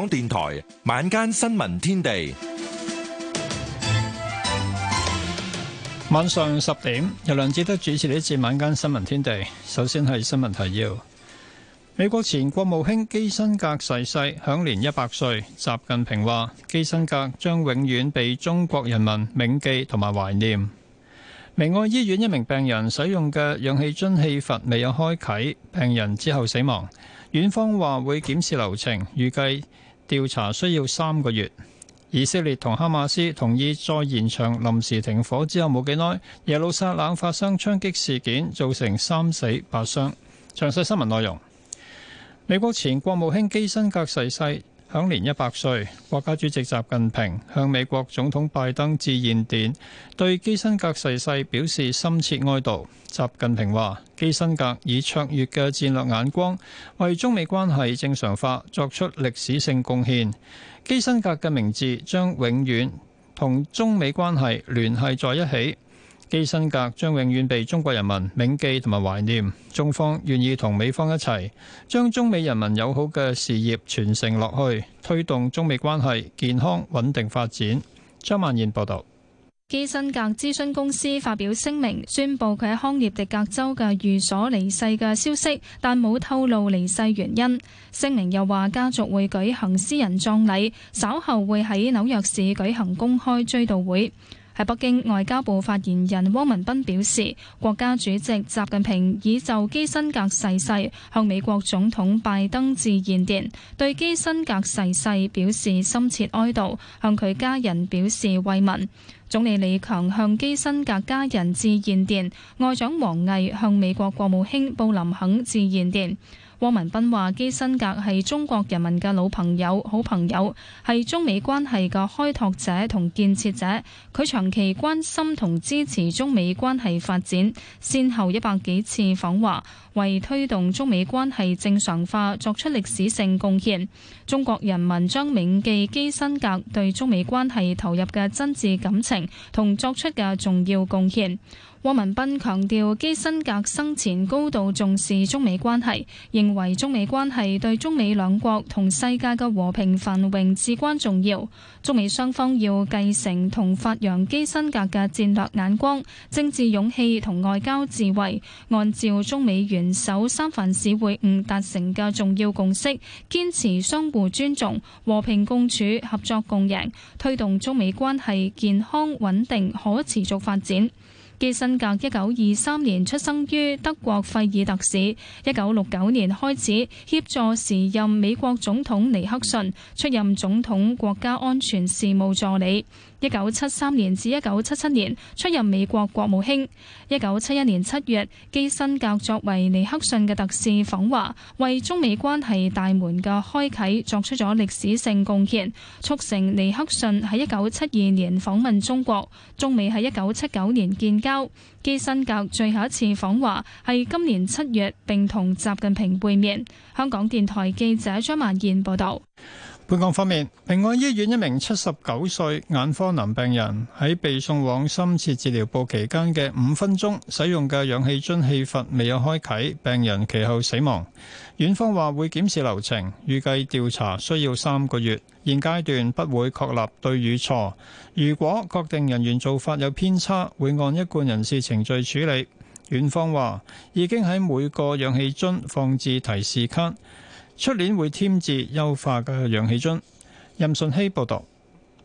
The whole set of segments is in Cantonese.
港電台晚間新聞天地，晚上十點由梁志德主持呢次晚間新聞天地。首先係新聞提要：美國前國務卿基辛格逝世，享年一百歲。習近平話基辛格將永遠被中國人民銘記同埋懷念。明愛醫院一名病人使用嘅氧氣樽氣閥未有開啟，病人之後死亡。院方話會檢視流程，預計調查需要三個月。以色列同哈馬斯同意再延長臨時停火之後冇幾耐，耶路撒冷發生槍擊事件，造成三死八傷。詳細新聞內容。美國前國務卿基辛格逝世，世。享年一百歲，國家主席習近平向美國總統拜登致唁電，對基辛格逝世，世表示深切哀悼。習近平話：基辛格以卓越嘅戰略眼光，為中美關係正常化作出歷史性貢獻。基辛格嘅名字將永遠同中美關係聯繫在一起。基辛格將永遠被中國人民銘記同埋懷念，中方願意同美方一齊將中美人民友好嘅事業傳承落去，推動中美關係健康穩定發展。張曼燕報導。基辛格諮詢公司發表聲明，宣布佢喺康涅狄格州嘅寓所離世嘅消息，但冇透露離世原因。聲明又話，家族會舉行私人葬禮，稍後會喺紐約市舉行公開追悼會。北京外交部發言人汪文斌表示，國家主席習近平已就基辛格逝世向美國總統拜登致唁電，對基辛格逝世表示深切哀悼，向佢家人表示慰問。總理李強向基辛格家人致唁電，外長王毅向美國國務卿布林肯致唁電。汪文斌話：基辛格係中國人民嘅老朋友、好朋友，係中美關係嘅開拓者同建設者。佢長期關心同支持中美關係發展，先後一百幾次訪華。為推動中美關係正常化作出歷史性貢獻，中國人民將銘記基辛格對中美關係投入嘅真摯感情同作出嘅重要貢獻。汪文斌強調，基辛格生前高度重視中美關係，認為中美關係對中美兩國同世界嘅和平繁榮至關重要。中美雙方要繼承同發揚基辛格嘅戰略眼光、政治勇氣同外交智慧，按照中美原。元首三藩市會晤達成嘅重要共識，堅持相互尊重、和平共處、合作共贏，推動中美關係健康、穩定、可持續發展。基辛格一九二三年出生於德國費爾特市，一九六九年開始協助時任美國總統尼克遜出任總統國家安全事務助理。一九七三年至一九七七年出任美國國務卿。一九七一年七月，基辛格作為尼克遜嘅特使訪華為中美關係大門嘅開啟作出咗歷史性貢獻，促成尼克遜喺一九七二年訪問中國，中美喺一九七九年建交。基辛格最後一次訪華係今年七月，並同習近平會面。香港電台記者張萬健報道。本港方面，平安醫院一名七十九歲眼科男病人喺被送往深切治療部期間嘅五分鐘使用嘅氧氣樽氣閥未有開啟，病人其後死亡。院方話會檢視流程，預計調查需要三個月，現階段不會確立對與錯，如果確定人員做法有偏差，會按一貫人事程序處理。院方話已經喺每個氧氣樽放置提示卡。出年會添置優化嘅氧氣樽。任順熙報導。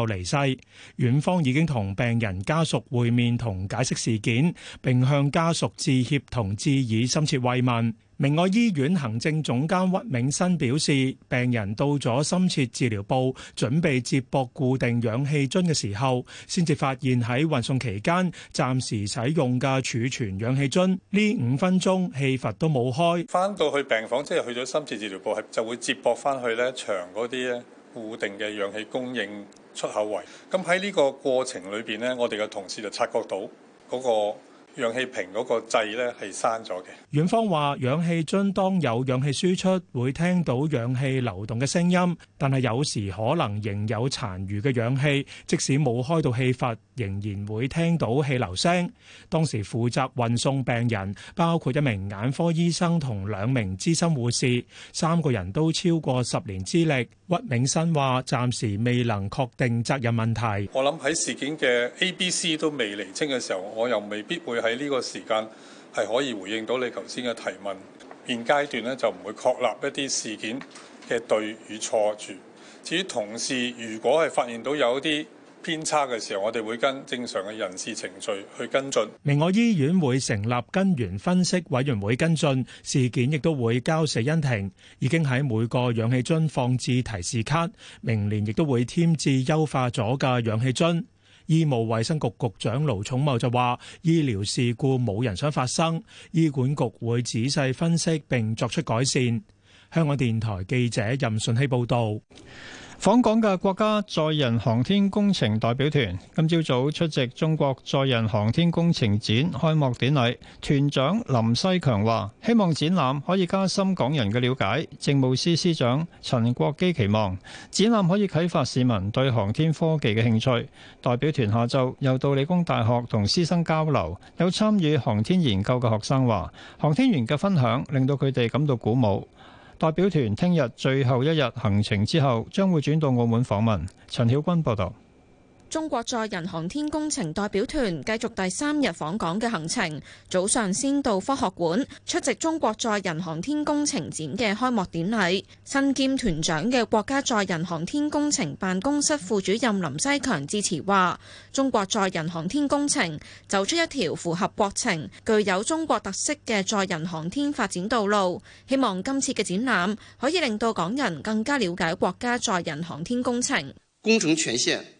就離世，院方已經同病人家屬會面，同解釋事件，並向家屬致歉同致以深切慰問。明愛醫院行政總監屈銘新表示，病人到咗深切治療部準備接駁固定氧氣樽嘅時候，先至發現喺運送期間暫時使用嘅儲存氧氣樽呢，五分鐘氣閥都冇開。翻到去病房，即係去咗深切治療部係就會接駁翻去呢牆嗰啲咧固定嘅氧氣供應。出口位，咁喺呢個過程裏邊，呢我哋嘅同事就察覺到嗰個。氧氣瓶嗰個掣咧係閂咗嘅。院方話氧氣樽當有氧氣輸出會聽到氧氣流動嘅聲音，但係有時可能仍有殘餘嘅氧氣，即使冇開到氣閥仍然會聽到氣流聲。當時負責運送病人，包括一名眼科醫生同兩名資深護士，三個人都超過十年資歷。屈銘生話暫時未能確定責任問題，我諗喺事件嘅 A、B、C 都未厘清嘅時候，我又未必會。喺呢個時間，係可以回應到你頭先嘅提問。現階段咧就唔會確立一啲事件嘅對與錯住。至於同事，如果係發現到有一啲偏差嘅時候，我哋會跟正常嘅人事程序去跟進。明愛醫院會成立根源分析委員會跟進事件，亦都會交死因庭。已經喺每個氧氣樽放置提示卡，明年亦都會添置優化咗嘅氧氣樽。醫務衛生局局長盧寵茂就話：醫療事故冇人想發生，醫管局會仔細分析並作出改善。香港電台記者任順希報道。訪港嘅國家載人航天工程代表團今朝早出席中國載人航天工程展開幕典禮，團長林西強話：希望展覽可以加深港人嘅了解。政務司司長陳國基期望展覽可以啟發市民對航天科技嘅興趣。代表團下晝又到理工大學同師生交流，有參與航天研究嘅學生話：航天員嘅分享令到佢哋感到鼓舞。代表團聽日最後一日行程之後，將會轉到澳門訪問。陳曉君報道。中國載人航天工程代表團繼續第三日訪港嘅行程，早上先到科學館出席中國載人航天工程展嘅開幕典禮。身兼團長嘅國家載人航天工程辦公室副主任林西強致辭話，中國載人航天工程走出一條符合國情、具有中國特色嘅載人航天發展道路。希望今次嘅展覽可以令到港人更加了解國家載人航天工程工程權限。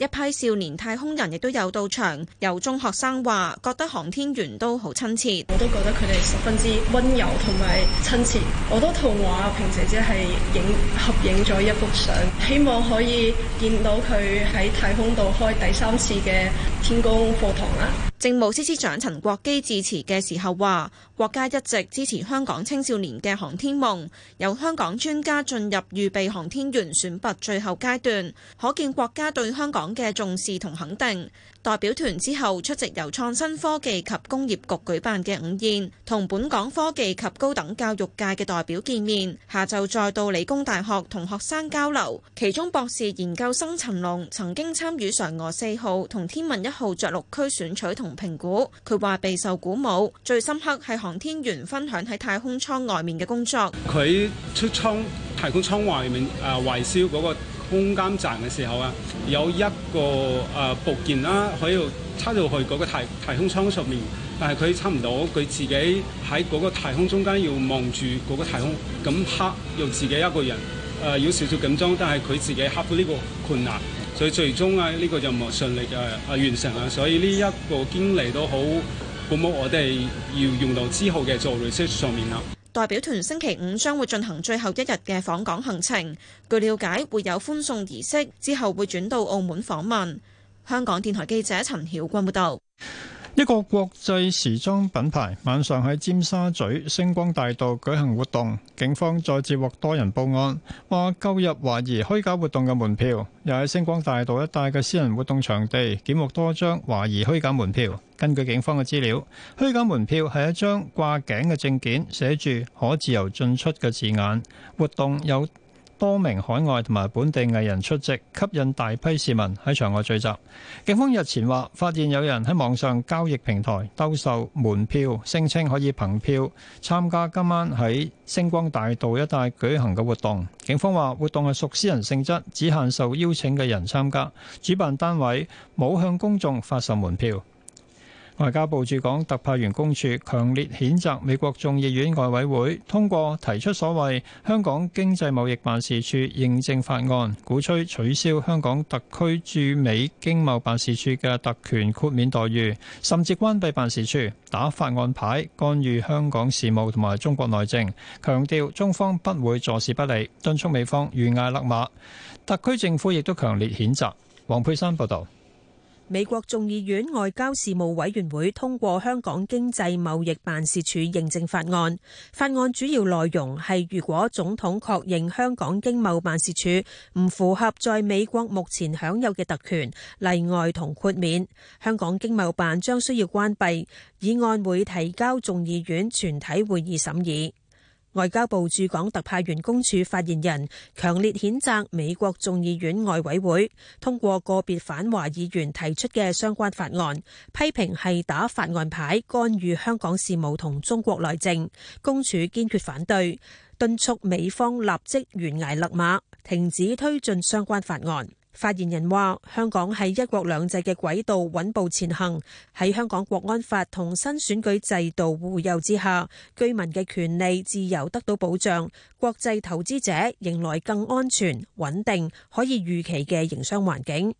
一批少年太空人亦都有到場，有中學生話，覺得航天員都好親，親切。我都覺得佢哋十分之温柔同埋親切，我都同王亞平姐姐係影合影咗一幅相，希望可以見到佢喺太空度開第三次嘅天宮課堂啦。政務司司長陳國基致辭嘅時候話，國家一直支持香港青少年嘅航天夢，由香港專家進入預備航天員選拔最後階段，可見國家對香港。嘅重視同肯定。代表團之後出席由創新科技及工業局舉辦嘅午宴，同本港科技及高等教育界嘅代表見面。下晝再到理工大學同學生交流。其中博士研究生陳龍曾經參與嫦娥四號同天問一號着陸區選取同評估。佢話備受鼓舞，最深刻係航天員分享喺太空艙外面嘅工作。佢出艙太空艙外面啊維修嗰個空間站嘅時候啊，有一個啊、呃、部件啦。佢要差到去嗰個太太空艙上面，但係佢差唔到。佢自己喺嗰個太空中間要望住嗰個太空咁黑，用自己一個人誒有少少緊張，但係佢自己克服呢個困難，所以最終啊，呢個任務順利嘅誒完成啊。所以呢一個經歷都好，鼓舞我哋要用到之後嘅做 research 上面啦。代表團星期五將會進行最後一日嘅訪港行程，據了解會有歡送儀式，之後會轉到澳門訪問。 香港電台記者陳曉君報道：一個國際時裝品牌晚上喺尖沙咀星光大道舉行活動，警方再接獲多人報案，話購入懷疑虛假活動嘅門票，又喺星光大道一帶嘅私人活動場地檢獲多張懷疑虛假門票。根據警方嘅資料，虛假門票係一張掛頸嘅證件，寫住可自由進出嘅字眼，活動有多名海外同埋本地藝人出席，吸引大批市民喺場外聚集。警方日前話發現有人喺網上交易平台兜售門票，聲稱可以憑票參加今晚喺星光大道一帶舉行嘅活動，警方話活動係屬私人性質，只限受邀請嘅人參加，主辦單位冇向公眾發售門票。外交部駐港特派員公署強烈譴責美國眾議院外委會通過提出所謂香港經濟貿易辦事處認證法案，鼓吹取消香港特區駐美經貿辦事處嘅特權豁免待遇，甚至關閉辦事處，打法案牌干預香港事務同埋中國內政。強調中方不會坐視不理，敦促美方懸崖勒馬。特區政府亦都強烈譴責。黃佩珊報導。美國眾議院外交事務委員會通過香港經濟貿易辦事處認證法案。法案主要內容係，如果總統確認香港經貿辦事處唔符合在美國目前享有嘅特權、例外同豁免，香港經貿辦將需要關閉。議案會提交眾議院全體會議審議。外交部駐港特派員公署發言人強烈譴責美國眾議院外委會通過個別反華議員提出嘅相關法案，批評係打法案牌干預香港事務同中國內政，公署堅決反對，敦促美方立即懸崖勒馬，停止推進相關法案。發言人話：香港喺一國兩制嘅軌道穩步前行，喺香港國安法同新選舉制度護佑之下，居民嘅權利自由得到保障，國際投資者迎來更安全、穩定、可以預期嘅營商環境。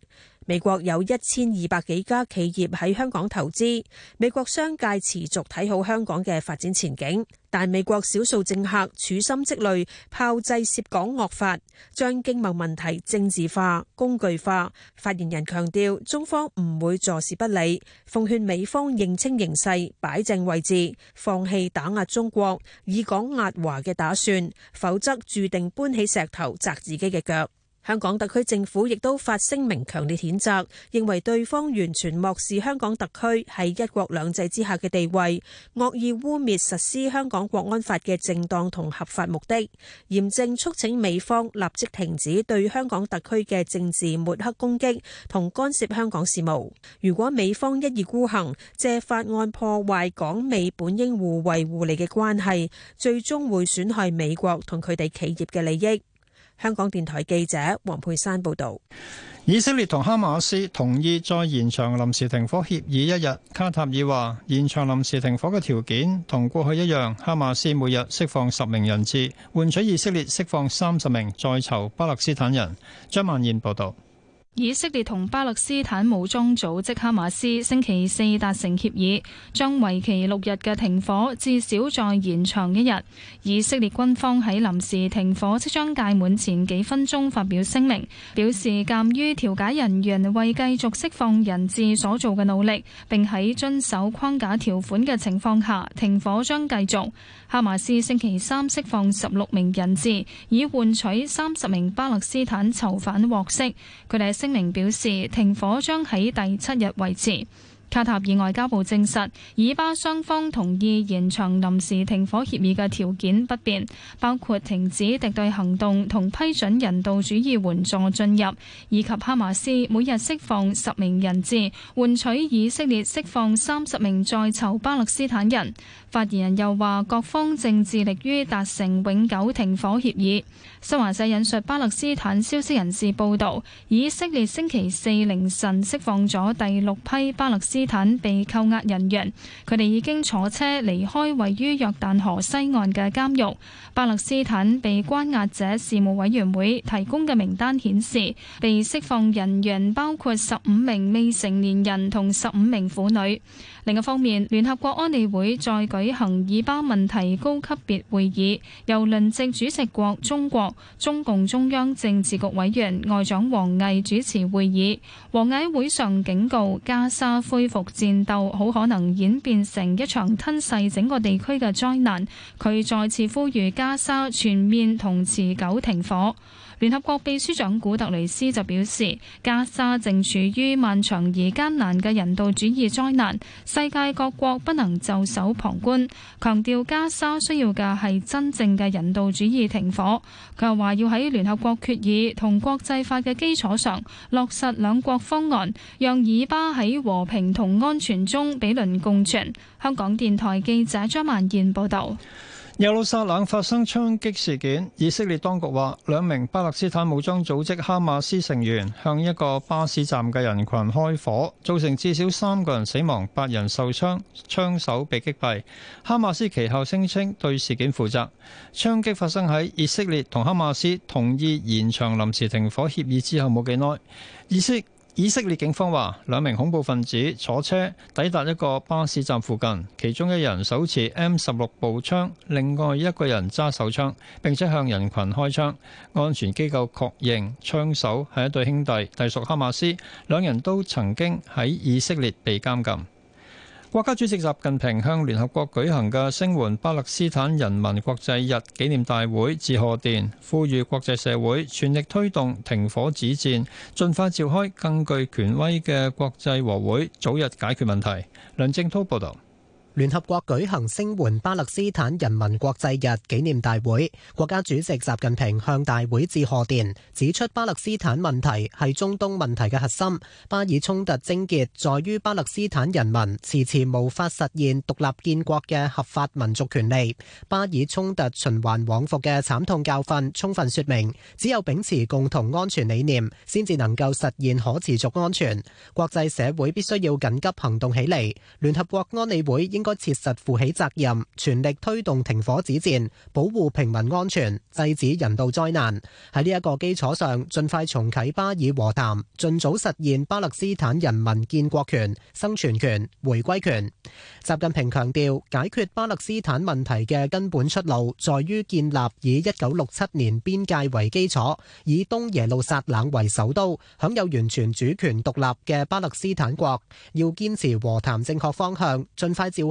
美國有一千二百幾家企業喺香港投資，美國商界持續睇好香港嘅發展前景，但美國少數政客處心積慮炮製涉港惡法，將經貿問題政治化、工具化。發言人強調，中方唔會坐視不理，奉勸美方認清形勢，擺正位置，放棄打壓中國、以港壓華嘅打算，否則注定搬起石頭砸自己嘅腳。香港特區政府亦都發聲明強烈譴責，認為對方完全漠視香港特區係一國兩制之下嘅地位，惡意污蔑實施香港國安法嘅正當同合法目的，嚴正促請美方立即停止對香港特區嘅政治抹黑攻擊同干涉香港事務。如果美方一意孤行，借法案破壞港美本應互惠互利嘅關係，最終會損害美國同佢哋企業嘅利益。香港電台記者黃佩珊報道，以色列同哈馬斯同意再延長臨時停火協議一日。卡塔爾話，延長臨時停火嘅條件同過去一樣，哈馬斯每日釋放十名人質，換取以色列釋放三十名在囚巴勒斯坦人。張曼燕報道。以色列同巴勒斯坦武裝組織哈馬斯星期四達成協議，將為期六日嘅停火至少再延長一日。以色列軍方喺臨時停火即將屆滿前幾分鐘發表聲明，表示鑑於調解人員為繼續釋放人質所做嘅努力，並喺遵守框架條款嘅情況下，停火將繼續。哈馬斯星期三釋放十六名人質，以換取三十名巴勒斯坦囚犯獲釋。佢哋聲明表示，停火將喺第七日維持。卡塔爾外交部證實，以巴雙方同意延長臨時停火協議嘅條件不變，包括停止敵對行動同批准人道主義援助進入，以及哈馬斯每日釋放十名人質，換取以色列釋放三十名在囚巴勒斯坦人。發言人又話：各方正致力於達成永久停火協議。新華社引述巴勒斯坦消息人士報導，以色列星期四凌晨釋放咗第六批巴勒斯坦被扣押人員，佢哋已經坐車離開位於約旦河西岸嘅監獄。巴勒斯坦被關押者事務委員會提供嘅名單顯示，被釋放人員包括十五名未成年人同十五名婦女。另一方面，聯合國安理會再舉舉行以巴問題高級別會議，由輪值主席國中國、中共中央政治局委員外長王毅主持會議。王毅會上警告，加沙恢復戰鬥好可能演變成一場吞噬整個地區嘅災難。佢再次呼籲加沙全面同持久停火。聯合國秘書長古特雷斯就表示，加沙正處於漫長而艱難嘅人道主義災難，世界各國不能袖手旁觀，強調加沙需要嘅係真正嘅人道主義停火。佢又話，要喺聯合國決議同國際法嘅基礎上，落實兩國方案，讓以巴喺和平同安全中比鄰共存。香港電台記者張曼燕報道。耶路撒冷發生槍擊事件，以色列當局話兩名巴勒斯坦武裝組織哈馬斯成員向一個巴士站嘅人群開火，造成至少三個人死亡，八人受傷，槍手被擊斃，哈馬斯其後聲稱對事件負責，槍擊發生喺以色列同哈馬斯同意延長臨時停火協議之後冇幾耐。以色以色列警方話兩名恐怖分子坐車抵達一個巴士站附近，其中一人手持 M 十六步槍，另外一個人揸手槍，並且向人群開槍，安全機構確認槍手係一對兄弟，隸屬哈馬斯，兩人都曾經喺以色列被監禁。國家主席習近平向聯合國舉行嘅聲援巴勒斯坦人民國際日紀念大會致賀電，呼籲國際社會全力推動停火止戰，盡快召開更具權威嘅國際和會，早日解決問題。梁正濤報道。聯合國舉行聲援巴勒斯坦人民國際日紀念大會，國家主席習近平向大會致賀電，指出巴勒斯坦問題係中東問題嘅核心，巴以衝突症結在於巴勒斯坦人民遲遲無法實現獨立建國嘅合法民族權利，巴以衝突循環往復嘅慘痛教訓充分說明，只有秉持共同安全理念，先至能夠實現可持續安全，國際社會必須要緊急行動起嚟，聯合國安理會應。應該切實負起責任，全力推動停火止戰，保護平民安全，制止人道災難。喺呢一個基礎上，盡快重啟巴以和談，盡早實現巴勒斯坦人民建國權、生存權、回歸權。習近平強調，解決巴勒斯坦問題嘅根本出路，在於建立以一九六七年邊界為基礎、以東耶路撒冷為首都、享有完全主權獨立嘅巴勒斯坦國。要堅持和談正確方向，盡快照。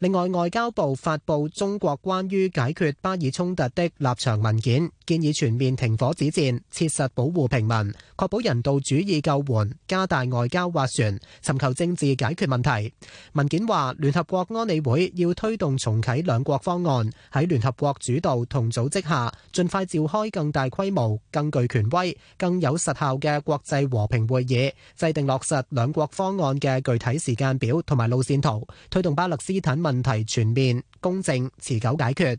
另外，外交部發布中國關於解決巴以衝突的立場文件。建議全面停火止戰，切實保護平民，確保人道主義救援，加大外交斡旋，尋求政治解決問題。文件話，聯合國安理會要推動重啟兩國方案，喺聯合國主導同組織下，盡快召開更大規模、更具權威、更有實效嘅國際和平會議，制定落實兩國方案嘅具體時間表同埋路綫圖，推動巴勒斯坦問題全面、公正、持久解決。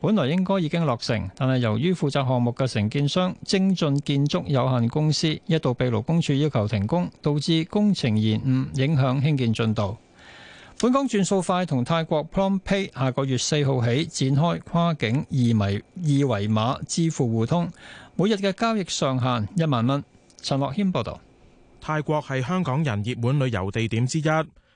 本來應該已經落成，但係由於負責項目嘅承建商精進建築有限公司一度被勞工處要求停工，導致工程延誤，影響興建進度。本港轉數快同泰國 PromptPay 下個月四號起展開跨境二維二維碼支付互通，每日嘅交易上限一萬蚊。陳樂軒報導。泰國係香港人熱門旅遊地點之一。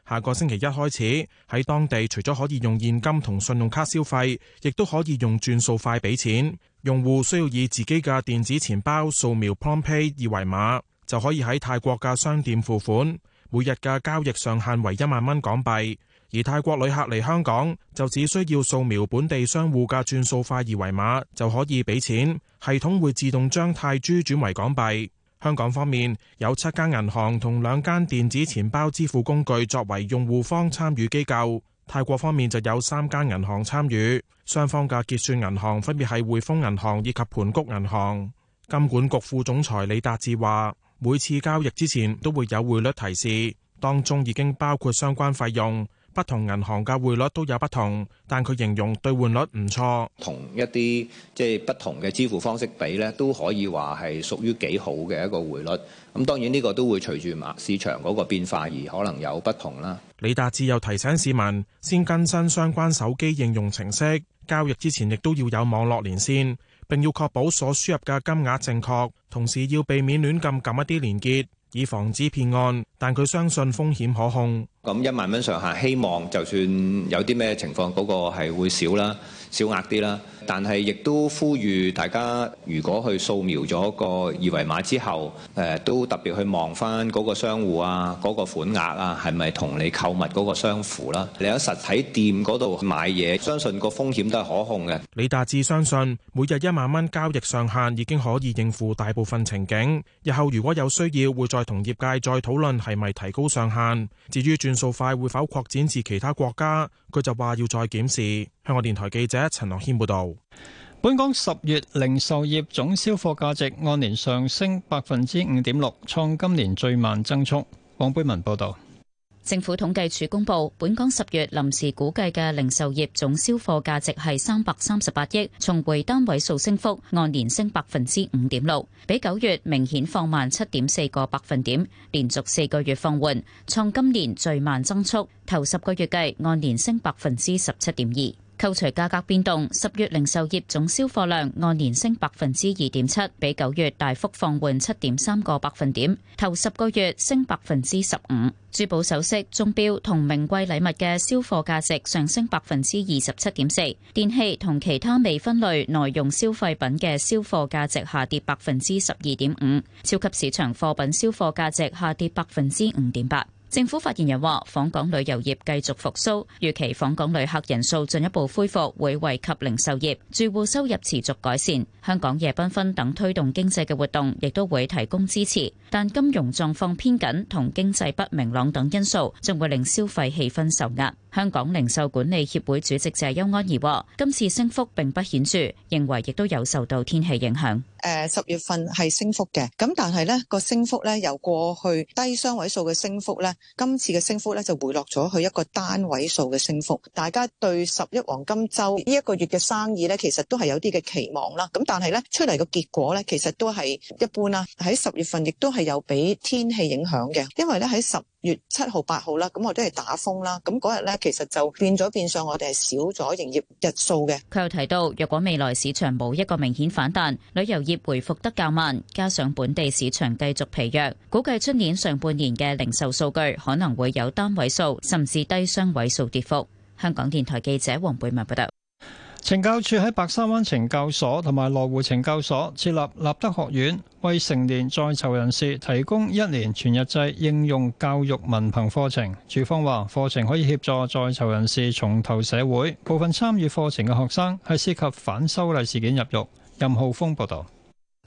下個星期一開始喺當地，除咗可以用現金同信用卡消費，亦都可以用轉數快俾錢。用戶需要以自己嘅電子錢包掃描 PromptPay 二維碼，就可以喺泰國嘅商店付款。每日嘅交易上限為一萬蚊港幣。而泰國旅客嚟香港就只需要掃描本地商戶嘅轉數快二維碼，就可以俾錢，系統會自動將泰銖轉為港幣。香港方面有七間銀行同兩間電子錢包支付工具作為用戶方參與機構，泰國方面就有三間銀行參與，雙方嘅結算銀行分別係匯豐銀行以及盤谷銀行。金管局副總裁李達志話：每次交易之前都會有匯率提示，當中已經包括相關費用。不同銀行嘅匯率都有不同，但佢形容兌換率唔錯，同一啲即係不同嘅支付方式比呢，都可以話係屬於幾好嘅一個匯率。咁當然呢個都會隨住市市場嗰個變化而可能有不同啦。李達志又提醒市民，先更新相關手機應用程式，交易之前亦都要有網絡連線，並要確保所輸入嘅金額正確，同時要避免亂撳撳一啲連結，以防止騙案。但佢相信風險可控。咁一萬蚊上限，希望就算有啲咩情況嗰個係會少啦，小額啲啦。但係亦都呼籲大家，如果去掃描咗個二維碼之後，誒都特別去望翻嗰個商戶啊，嗰個款額啊，係咪同你購物嗰個相符啦？你喺實體店嗰度買嘢，相信個風險都係可控嘅。李達志相信每日一萬蚊交易上限已經可以應付大部分情景。日後如果有需要，會再同業界再討論。係。係咪提高上限？至於轉數快會否擴展至其他國家？佢就話要再檢視。香港電台記者陳樂軒報導。本港十月零售業總銷貨價值按年上升百分之五點六，創今年最慢增速。黃貝文報導。政府統計處公布，本港十月臨時估計嘅零售業總銷貨價值係三百三十八億，重回單位數升幅，按年升百分之五點六，比九月明顯放慢七點四個百分點，連續四個月放緩，創今年最慢增速。頭十個月計按年升百分之十七點二。扣除價格變動，十月零售業總銷貨量按年升百分之二點七，比九月大幅放緩七點三個百分點，頭十個月升百分之十五。珠寶首飾、鐘錶同名貴禮物嘅銷貨價值上升百分之二十七點四，電器同其他未分類耐用消費品嘅銷貨價值下跌百分之十二點五，超級市場貨品銷貨價值下跌百分之五點八。政府發言人話：訪港旅遊業繼續復蘇，預期訪港旅客人數進一步恢復會惠及零售業、住戶收入持續改善、香港夜繽紛等推動經濟嘅活動，亦都會提供支持。但金融狀況偏緊同經濟不明朗等因素，仲會令消費氣氛受壓。香港零售管理協會主席謝邱安儀喎，今次升幅並不顯著，認為亦都有受到天氣影響。誒、呃，十月份係升幅嘅，咁但係呢、呢個升幅咧，由過去低雙位數嘅升幅咧，今次嘅升幅咧就回落咗去一個單位數嘅升幅。大家對十一黃金周呢一個月嘅生意咧，其實都係有啲嘅期望啦。咁但係咧，出嚟嘅結果咧，其實都係一般啦。喺十月份亦都係有俾天氣影響嘅，因為咧喺十。月七號、八號啦，咁我都係打風啦，咁嗰日呢，其實就變咗變相，我哋係少咗營業日數嘅。佢又提到，若果未來市場冇一個明顯反彈，旅遊業回復得較慢，加上本地市場繼續疲弱，估計出年上半年嘅零售數據可能會有單位數，甚至低雙位數跌幅。香港電台記者黃貝文報道。懲教處喺白沙灣懲教所同埋羅湖懲教所設立立德學院，為成年在囚人士提供一年全日制應用教育文憑課程。署方話，課程可以協助在囚人士重投社會。部分參與課程嘅學生係涉及反修例事件入獄。任浩峰報道。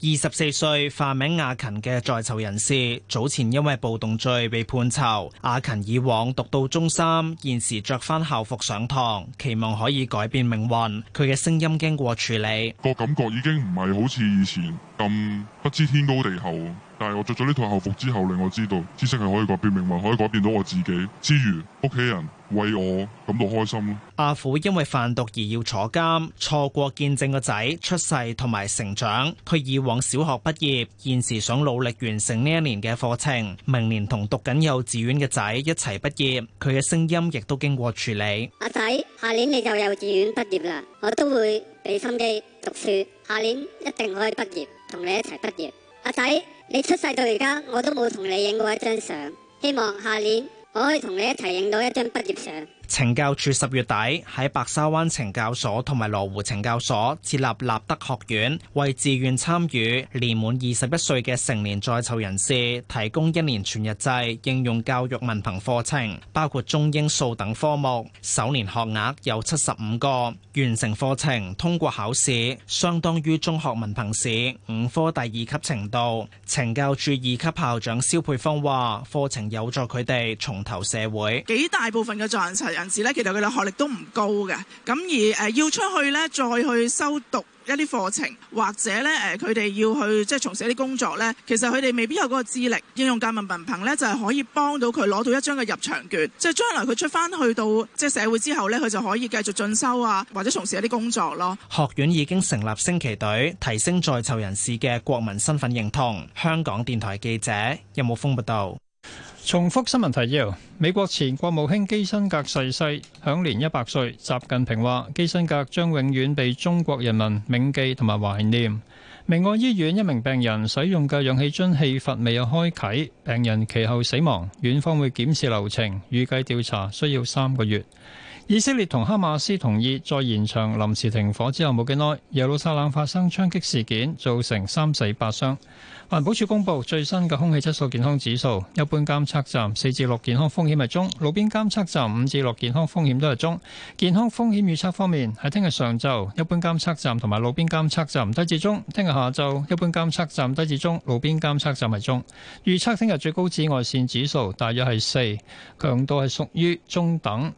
二十四歲化名阿勤嘅在囚人士，早前因為暴動罪被判囚。阿勤以往讀到中三，現時着翻校服上堂，期望可以改變命運。佢嘅聲音經過處理，個感覺已經唔係好似以前咁，不知天高地厚。但係我着咗呢套校服之後，令我知道知識係可以改變命運，可以改變到我自己之餘，屋企人為我感到開心。阿虎因為販毒而要坐監，錯過見證個仔出世同埋成長。佢以往小學畢業，現時想努力完成呢一年嘅課程，明年同讀緊幼稚園嘅仔一齊畢業。佢嘅聲音亦都經過處理。阿仔，下年你就幼稚園畢業啦，我都會俾心機讀書，下年一定可以畢業，同你一齊畢業。阿仔。你出世到而家，我都冇同你影過一張相。希望下年我可以同你一齊影到一張畢業相。懲教處十月底喺白沙灣懲教所同埋羅湖懲教所設立立德學院，為自願參與年滿二十一歲嘅成年在囚人士提供一年全日制應用教育文憑課程，包括中英數等科目。首年學額有七十五個，完成課程通過考試，相當於中學文憑試五科第二級程度。懲教處二級校長蕭佩芳話，課程有助佢哋重頭社會。幾大部分嘅在囚。人士咧，其實佢哋學歷都唔高嘅，咁而誒要出去咧，再去修讀一啲課程，或者咧誒佢哋要去即係從事一啲工作咧，其實佢哋未必有嗰個資歷。應用教文文憑咧，就係可以幫到佢攞到一張嘅入場券，即係將來佢出翻去到即係社會之後咧，佢就可以繼續進修啊，或者從事一啲工作咯。學院已經成立升旗隊，提升在囚人士嘅國民身份認同。香港電台記者任慕風報道。重複新聞提要：美國前國務卿基辛格逝世，享年一百歲。習近平話：基辛格將永遠被中國人民銘記同埋懷念。明愛醫院一名病人使用嘅氧氣樽氣閥未有開啟，病人其後死亡。院方會檢視流程，預計調查需要三個月。以色列同哈馬斯同意再延長臨時停火之後，冇幾耐，耶路撒冷發生槍擊事件，造成三死八傷。環保署公布最新嘅空氣質素健康指數，一般監測站四至六健康風險係中，路邊監測站五至六健康風險都係中。健康風險預測方面，喺聽日上晝，一般監測站同埋路邊監測站低至中；聽日下晝，一般監測站低至中，路邊監測站係中。預測聽日最高紫外線指數大約係四，強度係屬於中等。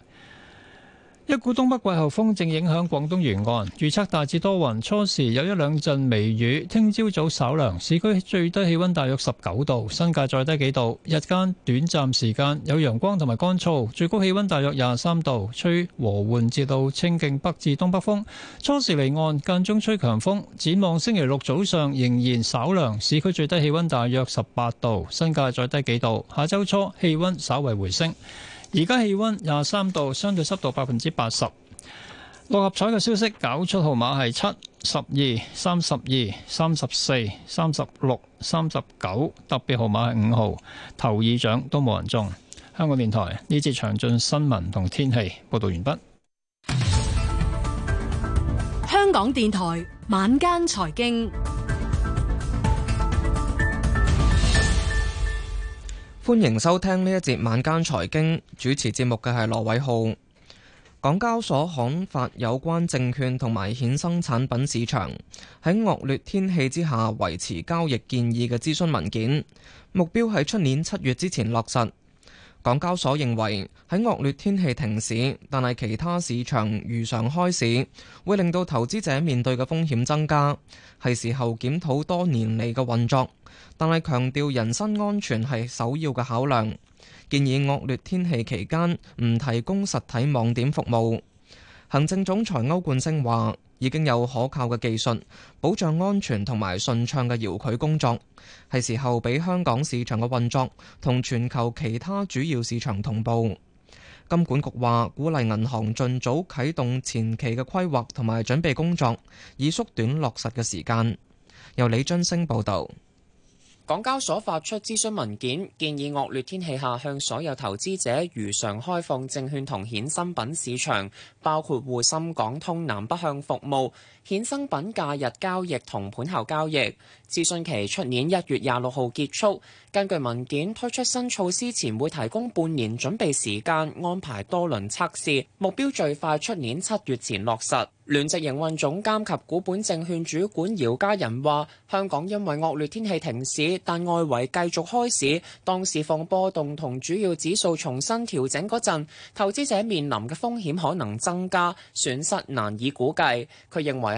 一股東北季候風正影響廣東沿岸，預測大致多雲，初時有一兩陣微雨。聽朝早稍涼，市區最低氣溫大約十九度，新界再低幾度。日間短暫時間有陽光同埋乾燥，最高氣溫大約廿三度，吹和緩至到清勁北至東北風，初時離岸間中吹強風，展望星期六早上仍然稍涼，市區最低氣溫大約十八度，新界再低幾度。下周初氣溫稍為回升。而家氣温廿三度，相對濕度百分之八十。六合彩嘅消息，搞出號碼係七、十二、三十二、三十四、三十六、三十九，特別號碼係五號，頭二獎都冇人中。香港電台呢節詳盡新聞同天氣報道完畢。香港電台晚間財經。歡迎收聽呢一節晚間財經，主持節目嘅係羅偉浩。港交所刊發有關證券同埋衍生產品市場喺惡劣天氣之下維持交易建議嘅諮詢文件，目標係出年七月之前落實。港交所認為，喺惡劣天氣停市，但係其他市場如常開市，會令到投資者面對嘅風險增加，係時候檢討多年嚟嘅運作。但係強調人身安全係首要嘅考量，建議惡劣天氣期間唔提供實體網點服務。行政總裁歐冠昇話：已經有可靠嘅技術保障安全同埋順暢嘅遙距工作，係時候俾香港市場嘅運作同全球其他主要市場同步。金管局話鼓勵銀行盡早啟動前期嘅規劃同埋準備工作，以縮短落實嘅時間。由李津升報道。港交所發出諮詢文件，建議惡劣天氣下向所有投資者如常開放證券同衍生品市場，包括滬深港通南北向服務。衍生品假日交易同盤後交易諮詢期出年一月廿六號結束。根據文件，推出新措施前會提供半年準備時間，安排多輪測試，目標最快出年七月前落實。聯席營運總監及股本證券主管姚家仁話，香港因為惡劣天氣停市，但外圍繼續開市。當市況波動同主要指數重新調整嗰陣，投資者面臨嘅風險可能增加，損失難以估計，佢認為。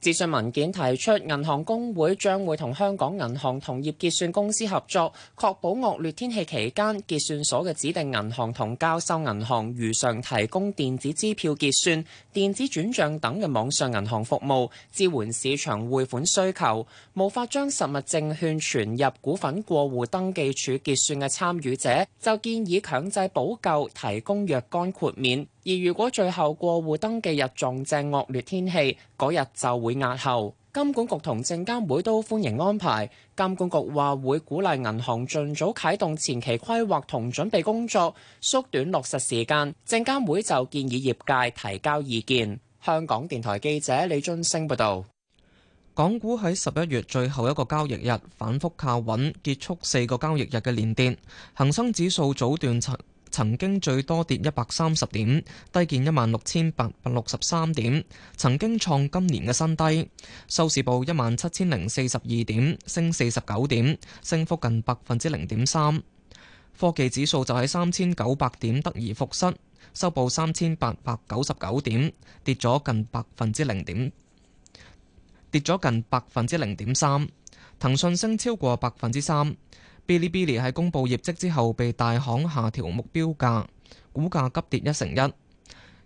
諮詢文件提出，銀行公會將會同香港銀行同業結算公司合作，確保惡劣天氣期間結算所嘅指定銀行同交收銀行如常提供電子支票結算、電子轉賬等嘅網上銀行服務，支援市場匯款需求。無法將實物證券存入股份過戶登記處結算嘅參與者，就建議強制補救，提供若干豁免。而如果最後過戶登記日撞正惡劣天氣，嗰日就會押後。金管局同證監會都歡迎安排。金管局話會鼓勵銀行盡早啓動前期規劃同準備工作，縮短落實時間。證監會就建議業界提交意見。香港電台記者李津升報導。港股喺十一月最後一個交易日反覆靠穩，結束四個交易日嘅連跌。恒生指數早段曾曾經最多跌一百三十點，低見一萬六千八百六十三點，曾經創今年嘅新低。收市報一萬七千零四十二點，升四十九點，升幅近百分之零點三。科技指數就喺三千九百點得而復失，收報三千八百九十九點，跌咗近百分之零點，跌咗近百分之零點三。騰訊升超過百分之三。嗶哩嗶哩喺公布業績之後被大行下調目標價，股價急跌一成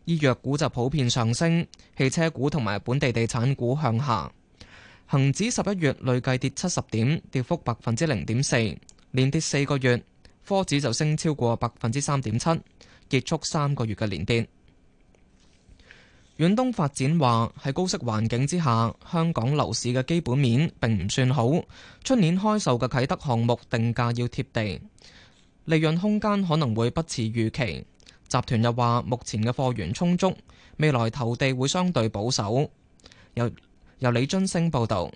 一。醫藥股就普遍上升，汽車股同埋本地地產股向下。恒指十一月累計跌七十點，跌幅百分之零點四，連跌四個月。科指就升超過百分之三點七，結束三個月嘅連跌。遠東發展話喺高息環境之下，香港樓市嘅基本面並唔算好。出年開售嘅啟德項目定價要貼地，利潤空間可能會不似預期。集團又話目前嘅貨源充足，未來投地會相對保守。由由李津升報道。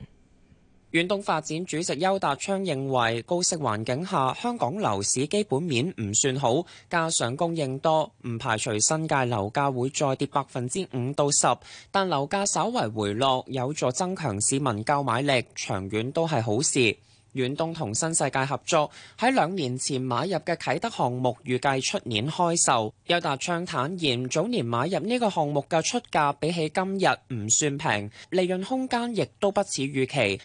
遠東發展主席邱達昌認為，高息環境下，香港樓市基本面唔算好，加上供應多，唔排除新界樓價會再跌百分之五到十。但樓價稍為回落，有助增強市民購買力，長遠都係好事。遠東同新世界合作喺兩年前買入嘅啟德項目，預計出年開售。邱達昌坦言，早年買入呢個項目嘅出價比起今日唔算平，利潤空間亦都不似預期。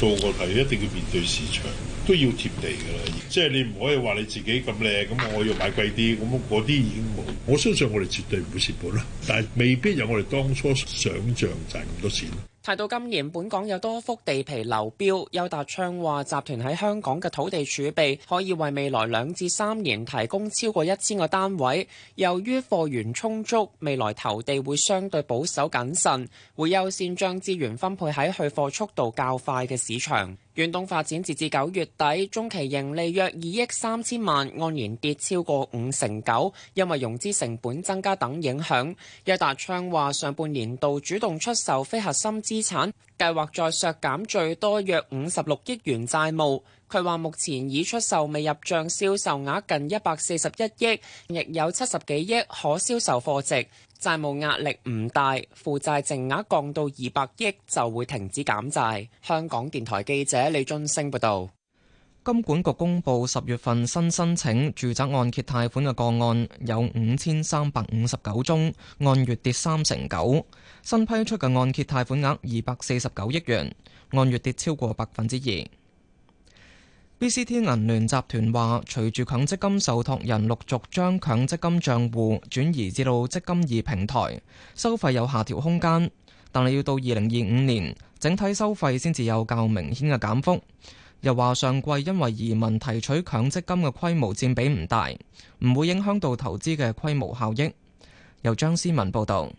做我係一定要面對市場，都要貼地㗎啦。即係你唔可以話你自己咁靚，咁我要買貴啲，咁嗰啲已經冇。我相信我哋絕對唔會蝕本啦，但係未必有我哋當初想像賺咁多錢。提到今年本港有多幅地皮流標，邱達昌話集團喺香港嘅土地儲備可以為未來兩至三年提供超過一千個單位。由於貨源充足，未來投地會相對保守謹慎，會優先將資源分配喺去貨速度較快嘅市場。遠東發展截至九月底，中期盈利約二億三千萬，按年跌超過五成九，因為融資成本增加等影響。邱達昌話，上半年度主動出售非核心資產，計劃再削減最多約五十六億元債務。佢話目前已出售未入賬銷售額近一百四十一億，亦有七十幾億可銷售貨值。債務壓力唔大，負債淨額降到二百億就會停止減債。香港電台記者李津升報導。金管局公布十月份新申請住宅按揭貸款嘅個案有五千三百五十九宗，按月跌三成九。新批出嘅按揭貸款額二百四十九億元，按月跌超過百分之二。BCT 銀聯集團話：隨住強積金受託人陸續將強積金帳戶轉移至到積金易平台，收費有下調空間，但係要到二零二五年整體收費先至有較明顯嘅減幅。又話上季因為移民提取強積金嘅規模佔比唔大，唔會影響到投資嘅規模效益。由張思文報導。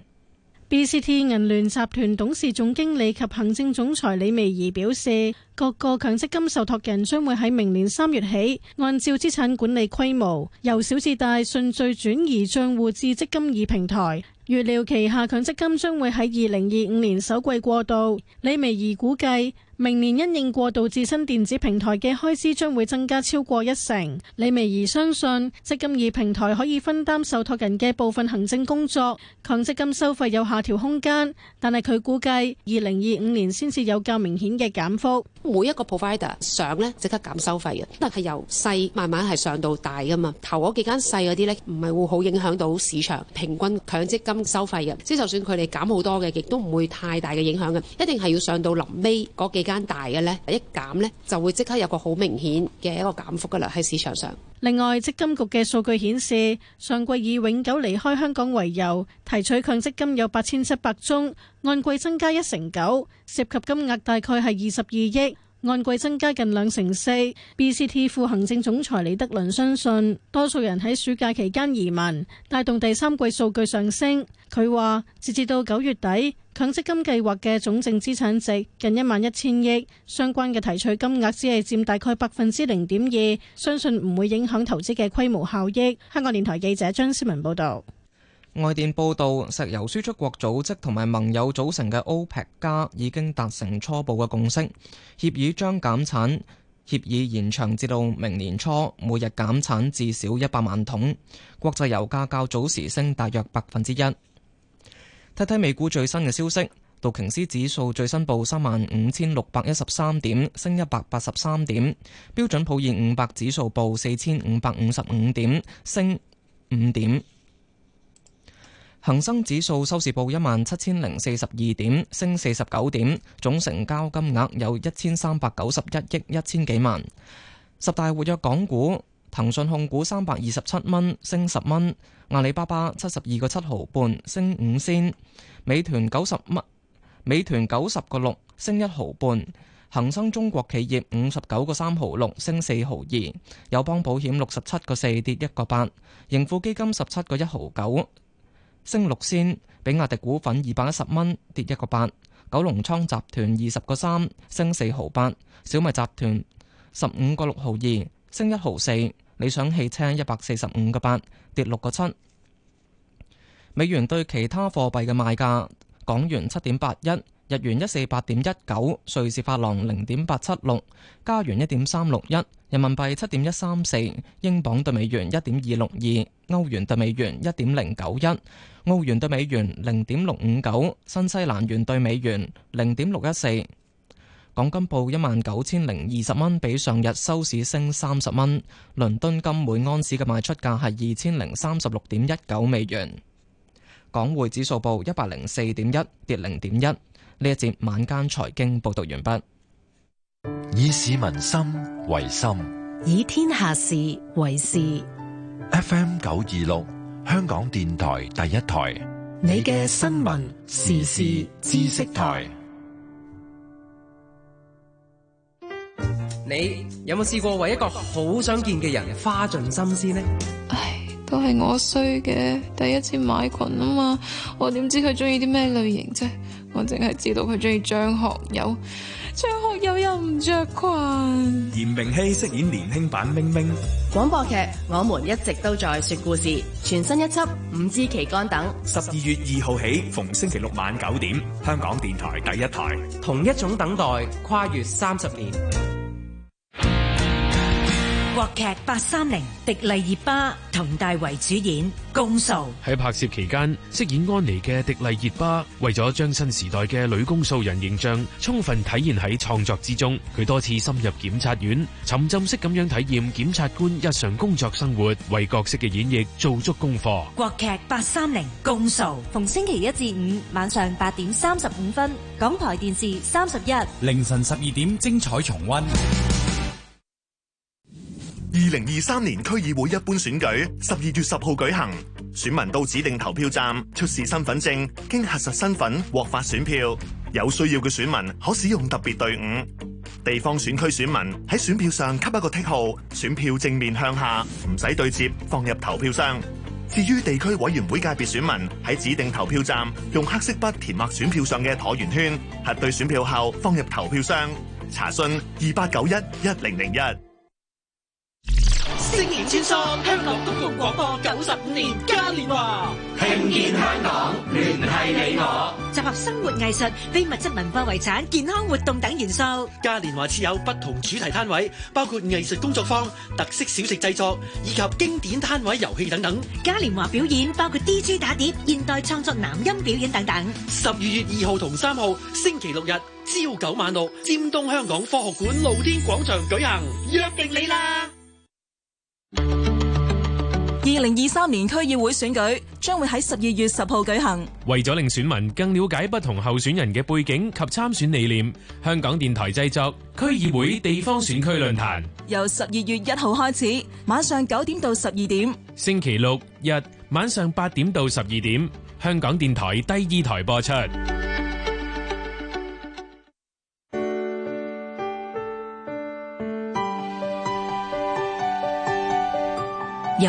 BCT 銀聯集團董事總經理及行政總裁李薇儀表示，各個強積金受託人將會喺明年三月起，按照資產管理規模由小至大順序轉移賬戶至積金易平台。預料旗下強積金將會喺二零二五年首季過渡。李薇儀估計。明年因應過渡至新電子平台嘅開支將會增加超過一成。李薇兒相信，積金易平台可以分擔受託人嘅部分行政工作。強積金收費有下調空間，但係佢估計二零二五年先至有較明顯嘅減幅。每一個 provider 上咧即刻減收費嘅，但係由細慢慢係上到大噶嘛。頭嗰幾間細嗰啲咧，唔係會好影響到市場平均強積金收費嘅。即係就算佢哋減好多嘅，亦都唔會太大嘅影響嘅。一定係要上到臨尾嗰幾間。間大嘅咧，一減咧就會即刻有個好明顯嘅一個減幅噶啦喺市場上。另外，積金局嘅數據顯示，上季以永久離開香港為由，提取強積金有八千七百宗，按季增加一成九，涉及金額大概係二十二億。按季增加近兩成四，B C T 副行政總裁李德倫相信，多數人喺暑假期間移民，帶動第三季數據上升。佢話，截至到九月底，強積金計劃嘅總淨資產值近一萬一千億，相關嘅提取金額只係佔大概百分之零點二，相信唔會影響投資嘅規模效益。香港電台記者張思文報道。外電報道，石油輸出國組織同埋盟友組成嘅 OPEC 加已經達成初步嘅共識，協議將減產，協議延長至到明年初，每日減產至少一百萬桶。國際油價較早時升大約百分之一。睇睇美股最新嘅消息，道瓊斯指數最新報三萬五千六百一十三點，升一百八十三點；標準普爾五百指數報四千五百五十五點，升五點。恒生指數收市報一萬七千零四十二點，升四十九點，總成交金額有一千三百九十一億一千幾萬。十大活躍港股，騰訊控股三百二十七蚊，升十蚊；阿里巴巴七十二個七毫半，升五仙；美團九十蚊，美團九十個六，升一毫半；恒生中國企業五十九個三毫六，升四毫二；友邦保險六十七個四，跌一個八；盈富基金十七個一毫九。升六仙，比亞迪股份二百一十蚊，跌一個八。九龍倉集團二十個三，升四毫八。小米集團十五個六毫二，升一毫四。理想汽車一百四十五個八，跌六個七。美元對其他貨幣嘅賣價，港元七點八一。日元一四八點一九，瑞士法郎零點八七六，加元一點三六一，人民幣七點一三四，英鎊兌美元一點二六二，歐元兌美元一點零九一，澳元兌美元零點六五九，新西蘭元兌美元零點六一四。港金報一萬九千零二十蚊，比上日收市升三十蚊。倫敦金每安士嘅賣出價係二千零三十六點一九美元。港匯指數報一百零四點一，跌零點一。呢一節晚間財經報道完畢，以市民心為心，以天下事為事。F. M. 九二六香港電台第一台，你嘅新聞時事知識台。識台你有冇試過為一個好想見嘅人花盡心思呢？唉，都係我衰嘅，第一次買裙啊嘛，我點知佢中意啲咩類型啫？我淨係知道佢中意張學友，張學友又唔着裙。嚴明熙飾演年輕版《明明》廣播劇《我們一直都在說故事》，全新一輯《五枝旗杆》等。十二月二號起，逢星期六晚九點，香港電台第一台。同一種等待，跨越三十年。國劇八三零，迪麗熱巴、佟大為主演《公訴》攝。喺拍攝期間，飾演安妮嘅迪麗熱巴為咗將新時代嘅女公訴人形象充分體現喺創作之中，佢多次深入檢察院，沉浸式咁樣體驗檢察官日常工作生活，為角色嘅演繹做足功課。國劇八三零《公訴》，逢星期一至五晚上八點三十五分，港台電視三十一，凌晨十二點精彩重溫。零二三年區議會一般選舉十二月十號舉行，選民到指定投票站出示身份證，經核實身份獲發選票。有需要嘅選民可使用特別隊伍。地方選區選民喺選票上給一個剔號，選票正面向下，唔使對摺，放入投票箱。至於地區委員會界別選民喺指定投票站用黑色筆填畫選票上嘅橢圓圈，核對選票後放入投票箱。查詢二八九一一零零一。星年穿梭香港公共廣播九十五年嘉年華，聽見香港聯繫你我，集合生活藝術、非物質文化遺產、健康活動等元素。嘉年華設有不同主題攤位，包括藝術工作坊、特色小食製作以及經典攤位遊戲等等。嘉年華表演包括 DJ 打碟、現代創作男音表演等等。十二月二號同三號星期六日朝九晚六，尖東香港科學館露天廣場舉行，約定你啦！二零二三年區議會選舉將會喺十二月十號舉行。為咗令選民更了解不同候選人嘅背景及參選理念，香港電台製作區議會地方選區論壇，由十二月一號開始，晚上九點到十二點，星期六日晚上八點到十二點，香港電台第二台播出。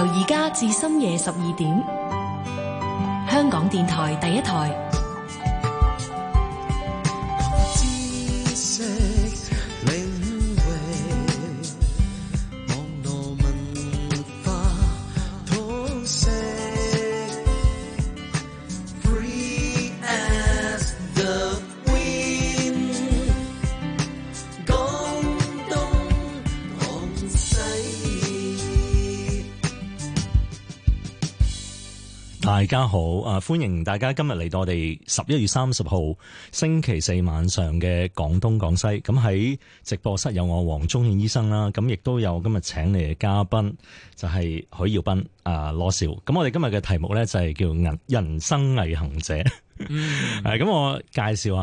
由而家至深夜十二點，香港電台第一台。家好！啊，歡迎大家今日嚟到我哋十一月三十號星期四晚上嘅廣東廣西。咁喺直播室有我黃宗憲醫生啦，咁亦都有今日請嚟嘅嘉賓就係許耀斌啊羅少。咁我哋今日嘅題目咧就係叫人人生毅行者。 嗯，係咁 我介紹下。